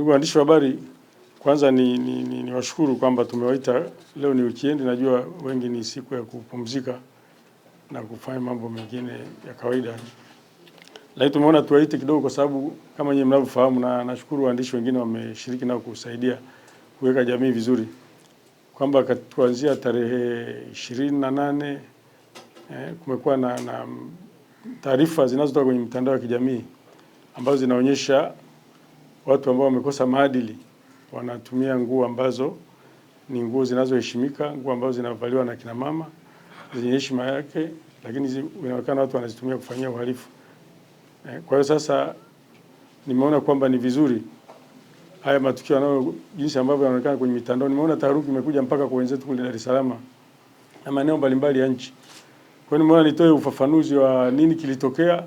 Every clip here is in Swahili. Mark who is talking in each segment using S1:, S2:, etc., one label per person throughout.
S1: Ndugu waandishi wa habari, kwanza ni, ni, ni, ni washukuru kwamba tumewaita leo. Ni wikendi, najua wengi ni siku ya kupumzika na kufanya mambo mengine ya kawaida, lakini tumeona tuwaite kidogo kwa sababu kama nyinyi mnavyofahamu, na nashukuru waandishi wengine wameshiriki nao kusaidia kuweka jamii vizuri, kwamba kuanzia tarehe ishirini na nane eh, kumekuwa na, na taarifa zinazotoka kwenye mtandao wa kijamii ambazo zinaonyesha watu ambao wamekosa maadili wanatumia nguo ambazo ni nguo zinazoheshimika, nguo ambazo zinavaliwa na kina mama zenye heshima yake, lakini inaonekana watu wanazitumia kufanyia uhalifu. Eh, kwa hiyo sasa nimeona kwamba ni vizuri haya matukio yanayo jinsi ambavyo yanaonekana kwenye mitandao. Nimeona taharuki imekuja mpaka kwa wenzetu kule Dar es Salaam na maeneo mbalimbali ya nchi. Kwa hiyo nimeona nitoe ufafanuzi wa nini kilitokea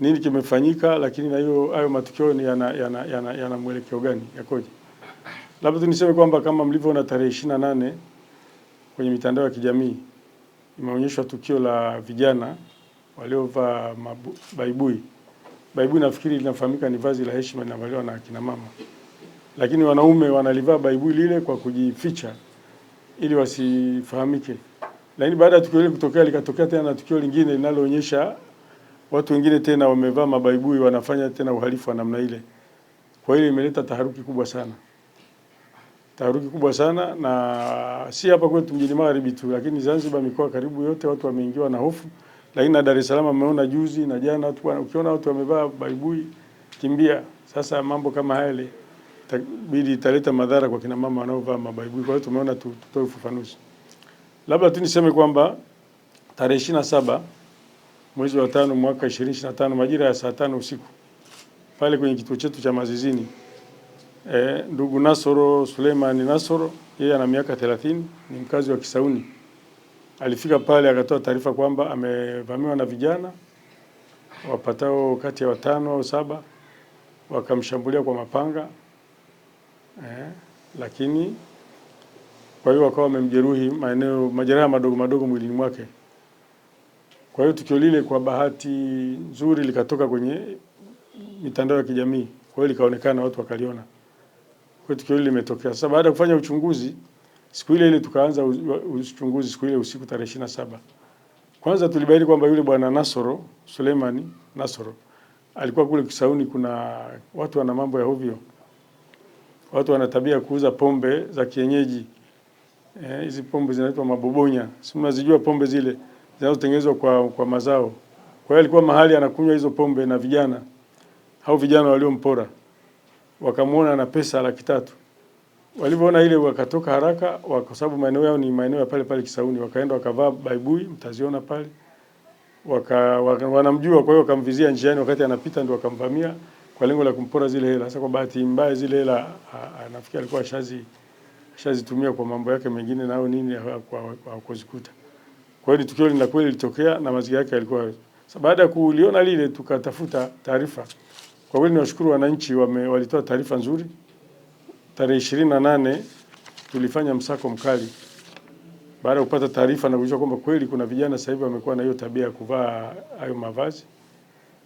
S1: nini kimefanyika, lakini na hiyo hayo matukio ni yana yana yana, yana mwelekeo gani, yakoje? Labda tuniseme kwamba kama mlivyoona tarehe ishirini na nane kwenye mitandao ya kijamii imeonyeshwa tukio la vijana waliovaa baibui. Baibui nafikiri linafahamika ni vazi la heshima linavaliwa na akina mama, lakini wanaume wanalivaa baibui lile kwa kujificha ili wasifahamike. Lakini baada ya tukio hili kutokea, likatokea tena na tukio lingine linaloonyesha Watu wengine tena wamevaa mabaibui wanafanya tena uhalifu wa namna ile. Kwa hiyo imeleta taharuki kubwa sana, taharuki kubwa sana, na si hapa kwetu mjini Magharibi tu, lakini Zanzibar, mikoa karibu yote watu wameingiwa na hofu. Lakini na Dar es Salaam ameona juzi na jana, watu ukiona watu wamevaa baibui kimbia. Sasa mambo kama yale itabidi italeta madhara kwa kina mama wanaovaa mabaibui. Kwa hiyo tumeona tutoe ufafanuzi, labda tu niseme kwamba tarehe ishirini na saba mwezi wa tano mwaka 2025 majira ya saa tano usiku pale kwenye kituo chetu cha Mazizini. E, ndugu Nasoro Suleiman Nasoro, yeye ana miaka 30, ni mkazi wa Kisauni. Alifika pale akatoa taarifa kwamba amevamiwa na vijana wapatao kati ya watano au saba, wakamshambulia kwa mapanga e, lakini kwa hiyo wakawa wamemjeruhi maeneo majeraha madogo madogo mwilini mwake. Kwa hiyo tukio lile kwa bahati nzuri likatoka kwenye mitandao ya kijamii, kwa hiyo likaonekana, watu wakaliona. Kwa tukio lile limetokea. Sasa baada ya kufanya uchunguzi siku ile ile tukaanza uchunguzi siku ile usiku tarehe ishirini na saba. Kwanza tulibaini kwamba yule bwana Nasoro Suleimani Nasoro alikuwa kule Kisauni, kuna watu wana mambo ya ovyo, watu wana tabia kuuza pombe za kienyeji eh, hizi. Eh, pombe zinaitwa mabobonya, si mnazijua pombe zile zinazotengenezwa kwa, kwa mazao. Kwa hiyo alikuwa mahali anakunywa hizo pombe na vijana hao vijana waliompora wakamwona na pesa laki tatu. Walivyoona ile wakatoka haraka, kwa sababu maeneo yao ni maeneo ya pale pale Kisauni, wakaenda wakavaa baibui, mtaziona pale waka, waka, wanamjua. Kwa hiyo wakamvizia njiani, wakati anapita ndio wakamvamia kwa lengo la kumpora zile hela. Sasa kwa bahati mbaya zile hela nafikiri alikuwa ashazi ashazitumia kwa mambo yake mengine, nao nini hakuzikuta. Kwa hiyo tukio la kweli lilitokea na mazingira yake yalikuwa hayo. baada ya kuliona lile tukatafuta taarifa. Kwa kweli niwashukuru wananchi wame walitoa taarifa nzuri. Tarehe ishirini na nane tulifanya msako mkali baada ya kupata taarifa na kujua kwamba kweli kuna vijana sasa hivi wamekuwa na hiyo tabia ya kuvaa hayo mavazi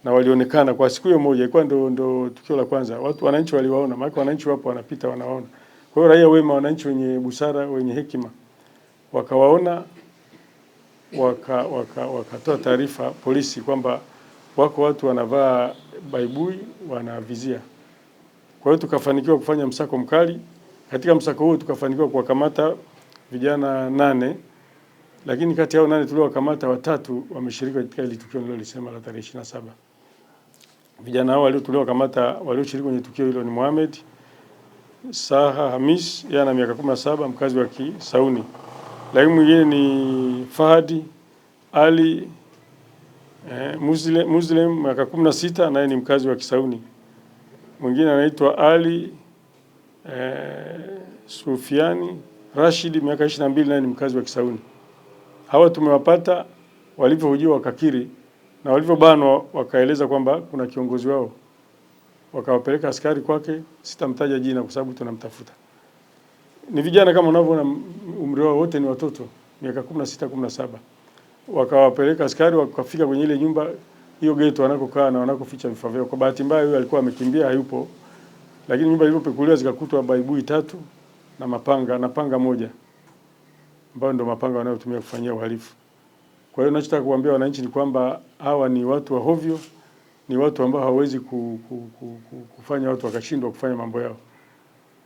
S1: na walionekana kwa siku hiyo moja, ilikuwa ndo, ndo tukio la kwanza. Watu wananchi waliwaona, maana wananchi wapo wanapita wanawaona. Kwa hiyo raia wema, wananchi wenye busara, wenye hekima wakawaona wakatoa waka, waka taarifa polisi kwamba wako watu wanavaa baibui wanavizia. Kwa hiyo tukafanikiwa kufanya msako mkali. Katika msako huu tukafanikiwa kuwakamata vijana nane, lakini kati yao nane tuliowakamata watatu wameshiriki katika ile tukio nilolisema la tarehe 27. Vijana hao walio tuliowakamata walioshiriki kwenye tukio hilo ni Mohamed Saha Hamis, yeye ana miaka 17, mkazi wa Kisauni lakini mwingine ni Fahadi Ali eh, Muslim, Muslim miaka kumi na sita, naye ni mkazi wa Kisauni. Mwingine anaitwa Ali eh, Sufiani Rashidi miaka ishirini na mbili, naye ni mkazi wa Kisauni. Hawa tumewapata walivyohojiwa wakakiri na walivyobanwa wakaeleza kwamba kuna kiongozi wao, wakawapeleka askari kwake. Sitamtaja jina kwa sababu tunamtafuta ni vijana kama unavyoona, umri wao wote ni watoto miaka kumi na sita kumi na saba wakawapeleka askari, wakafika kwenye ile nyumba hiyo geto wanakokaa na wanakoficha vifaa vyao. Kwa bahati mbaya, huyo alikuwa amekimbia, hayupo, lakini nyumba ilipopekuliwa zikakutwa baibui tatu na mapanga na panga moja, ambayo ndio mapanga wanayotumia kufanyia uhalifu. Kwa hiyo ninachotaka kuambia wananchi ni kwamba hawa ni watu wa hovyo, ni watu ambao hawawezi ku, ku, ku, ku, kufanya watu wakashindwa kufanya mambo yao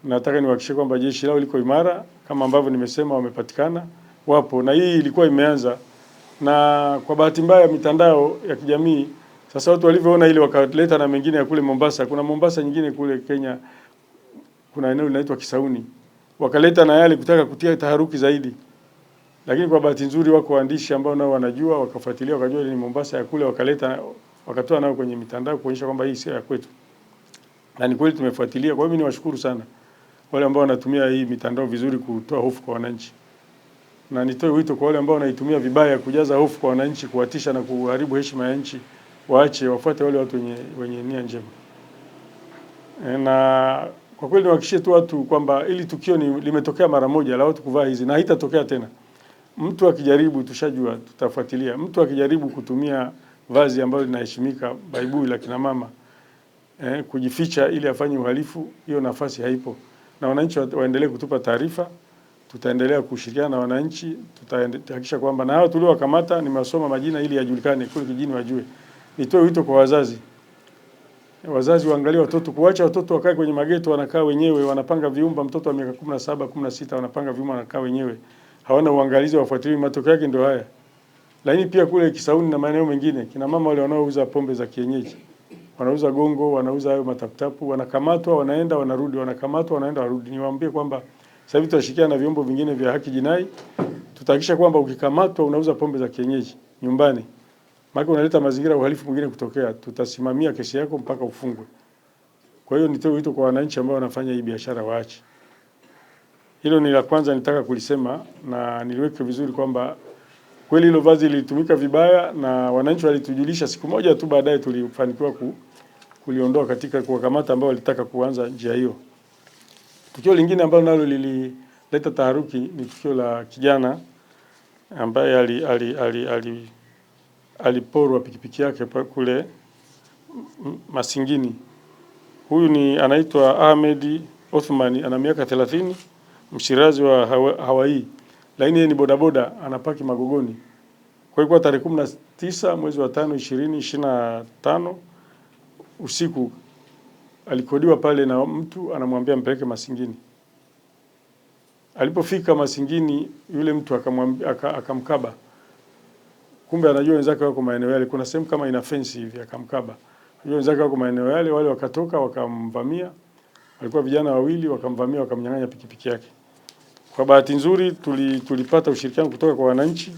S1: nataka niwahakikishie kwamba jeshi lao liko imara kama ambavyo nimesema, wamepatikana, wapo, na hii ilikuwa imeanza, na kwa bahati mbaya mitandao ya kijamii sasa watu walivyoona ile wakaleta na mengine ya kule Mombasa. Kuna Mombasa nyingine kule Kenya, kuna eneo linaitwa Kisauni, wakaleta na yale kutaka kutia taharuki zaidi, lakini kwa bahati nzuri wako waandishi ambao nao wanajua, wakafuatilia, wakajua ni Mombasa ya kule, wakaleta wakatoa nao kwenye mitandao kuonyesha kwamba hii sio ya kwetu, na ni kweli tumefuatilia. Kwa hiyo mimi niwashukuru sana wale ambao wanatumia hii mitandao vizuri kutoa hofu kwa wananchi, na nitoe wito kwa wale ambao wanaitumia vibaya kujaza hofu kwa wananchi, kuwatisha na kuharibu heshima ya nchi, waache, wafuate wale watu wenye, wenye nia njema. Eh, na kwa kweli niwahakikishie tu watu kwamba ili tukio ni limetokea mara moja la watu kuvaa hizi na haitatokea tena. Mtu akijaribu, tushajua, tutafuatilia. Mtu akijaribu kutumia vazi ambalo linaheshimika, baibui la kina mama eh, kujificha ili afanye uhalifu, hiyo nafasi haipo na wananchi waendelee kutupa taarifa. Tutaendelea kushirikiana na wananchi, tutahakikisha kwamba na hao tuliowakamata nimewasoma majina ili yajulikane kule kijini, wajue. Nitoe wito kwa wazazi, wazazi waangalie watoto, kuacha watoto wakae kwenye mageto, wanakaa wenyewe, wanapanga viumba. Mtoto wa miaka 17, 16 wanapanga viumba, wanakaa wenyewe, hawana uangalizi wa wafuatili. Matokeo yake ndio haya. Lakini pia kule Kisauni na maeneo mengine, kina mama wale wanaouza pombe za kienyeji wanauza gongo, wanauza hayo mataputapu, wanakamatwa, wanaenda wanarudi, wanakamatwa, wanaenda warudi. Niwaambie kwamba sasa hivi tunashirikiana na vyombo vingine vya haki jinai, tutahakikisha kwamba ukikamatwa unauza pombe za kienyeji nyumbani, maana unaleta mazingira ya uhalifu mwingine kutokea, tutasimamia kesi yako mpaka ufungwe. Kwa hiyo nitoe wito kwa wananchi ambao wanafanya hii biashara waache. Hilo ni la kwanza nitaka kulisema na niliweke vizuri kwamba kweli hilo vazi lilitumika vibaya, na wananchi walitujulisha siku moja tu baadaye tulifanikiwa ku kuliondoa katika kuwakamata ambao walitaka kuanza njia hiyo. Tukio lingine ambalo nalo lilileta taharuki ni tukio la kijana ambaye ali, ali, ali, ali, ali pikipiki yake kule Masingini. Huyu ni anaitwa Ahmed Othman, ana miaka 30, mshirazi wa Hawaii, lakini yeye ni bodaboda, anapaki Magogoni. Kwa hiyo tarehe 19 mwezi wa 5 2025 usiku alikodiwa pale na mtu anamwambia mpeleke Masingini. Alipofika Masingini, yule mtu akamkaba, kumbe anajua wenzake wako maeneo yale. Kuna sehemu kama ina fence hivi, akamkaba, anajua wenzake wako maeneo yale. Wale wakatoka wakamvamia, walikuwa vijana wawili, wakamvamia wakamnyang'anya pikipiki yake. Kwa bahati nzuri tulipata ushirikiano kutoka kwa wananchi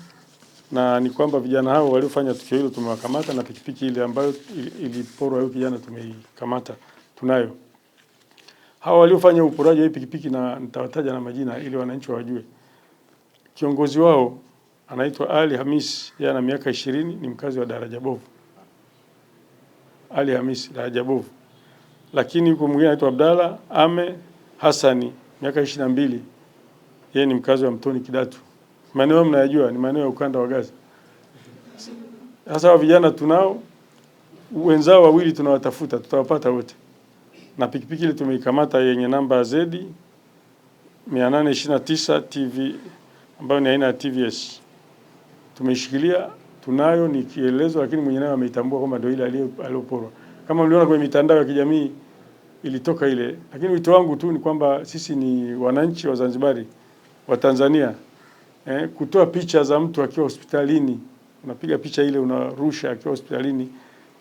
S1: na ni kwamba vijana hao waliofanya tukio hilo tumewakamata, na pikipiki ile ambayo iliporwa huyo kijana tumeikamata, tunayo. Hao waliofanya uporaji wa pikipiki na nitawataja na majina ili wananchi wajue. Kiongozi wao anaitwa Ali Hamis, yeye ana miaka ishirini, ni mkazi wa Daraja Bovu. Ali Hamis, Daraja Bovu. Lakini yuko mwingine anaitwa Abdalla Ame Hassani, miaka ishirini na mbili, yeye ni mkazi wa Mtoni Kidatu maeneo mnayajua ni maeneo ya ukanda wa Gaza. Sasa vijana tunao wenzao wawili tunawatafuta, tutawapata wote, na pikipiki ile tumeikamata yenye namba zedi 829 TV ambayo ni aina ya TVS tumeishikilia, tunayo ni kielezo, lakini mwenye nayo ameitambua kwamba ndio ile aliyoporwa. Kama mliona kwenye mitandao ya kijamii ilitoka ile, lakini wito wangu tu ni kwamba sisi ni wananchi wa Zanzibari wa Tanzania eh, kutoa picha za mtu akiwa hospitalini, unapiga picha ile unarusha akiwa hospitalini.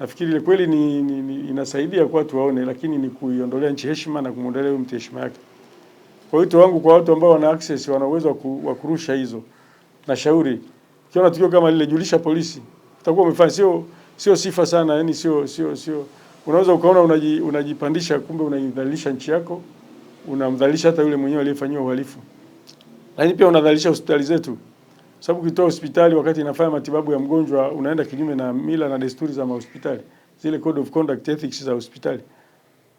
S1: Nafikiri ile kweli ni, ni, ni, inasaidia kwa watu waone, lakini ni kuiondolea nchi heshima na kumwondolea mtu heshima yake. Kwa hiyo wangu kwa watu ambao wana access wana uwezo wa kurusha hizo, nashauri ukiona tukio kama lile, julisha polisi, utakuwa umefanya sio sio sifa sana, yani sio sio sio, unaweza ukaona unaji, unajipandisha, kumbe unaidhalilisha nchi yako, unamdhalilisha hata yule mwenyewe aliyefanyiwa uhalifu lakini pia unadhalisha hospitali zetu, sababu ukitoa hospitali wakati inafanya matibabu ya mgonjwa unaenda kinyume na mila na desturi za mahospitali, zile code of conduct ethics za hospitali.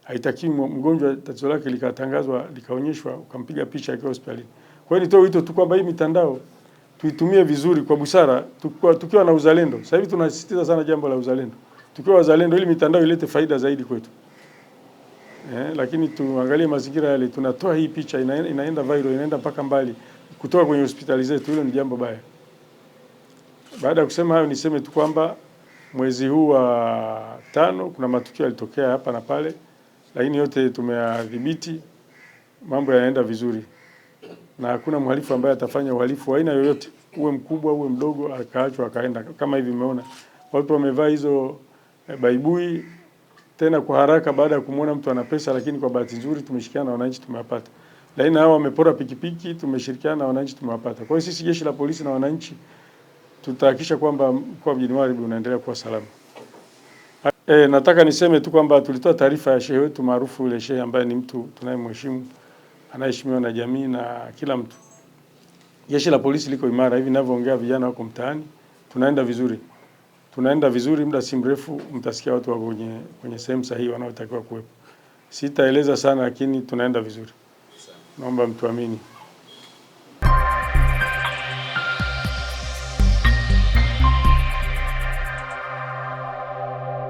S1: Haitakiwi mgonjwa tatizo lake likatangazwa likaonyeshwa ukampiga picha akiwa hospitalini. Kwa hiyo nitoe wito tu kwamba hii mitandao tuitumie vizuri kwa busara, tukiwa, tukiwa na uzalendo. Sasa hivi tunasisitiza sana jambo la uzalendo, tukiwa wazalendo ili mitandao ilete faida zaidi kwetu. Eh, lakini tuangalie mazingira yale, tunatoa hii picha ina, inaenda viral, inaenda mpaka mbali kutoka kwenye hospitali zetu. Hilo ni jambo baya. Baada ya kusema hayo, niseme tu kwamba mwezi huu wa tano kuna matukio yalitokea hapa na pale, lakini yote tumeyadhibiti, mambo yanaenda vizuri na hakuna mhalifu ambaye atafanya uhalifu wa aina yoyote, uwe mkubwa uwe mdogo, akaachwa akaenda. Kama hivi umeona watu wamevaa hizo e, baibui tena kwa haraka, baada ya kumwona mtu ana pesa, lakini kwa bahati nzuri tumeshikiana na wananchi tumewapata lakini hao wamepora pikipiki, tumeshirikiana na wananchi tumewapata. Kwa hiyo sisi jeshi la polisi na wananchi tutahakikisha kwamba mkoa wa Mjini Magharibi unaendelea kuwa salama. E, nataka niseme tu kwamba tulitoa taarifa ya shehe wetu maarufu yule shehe ambaye ni mtu tunayemheshimu anaheshimiwa na jamii na kila mtu. Jeshi la polisi liko imara, hivi ninavyoongea vijana wako mtaani, tunaenda vizuri, tunaenda vizuri. Muda si mrefu mtasikia watu wako kwenye kwenye sehemu sahihi wanaotakiwa kuwepo. Sitaeleza sana, lakini tunaenda vizuri naomba mtuamini.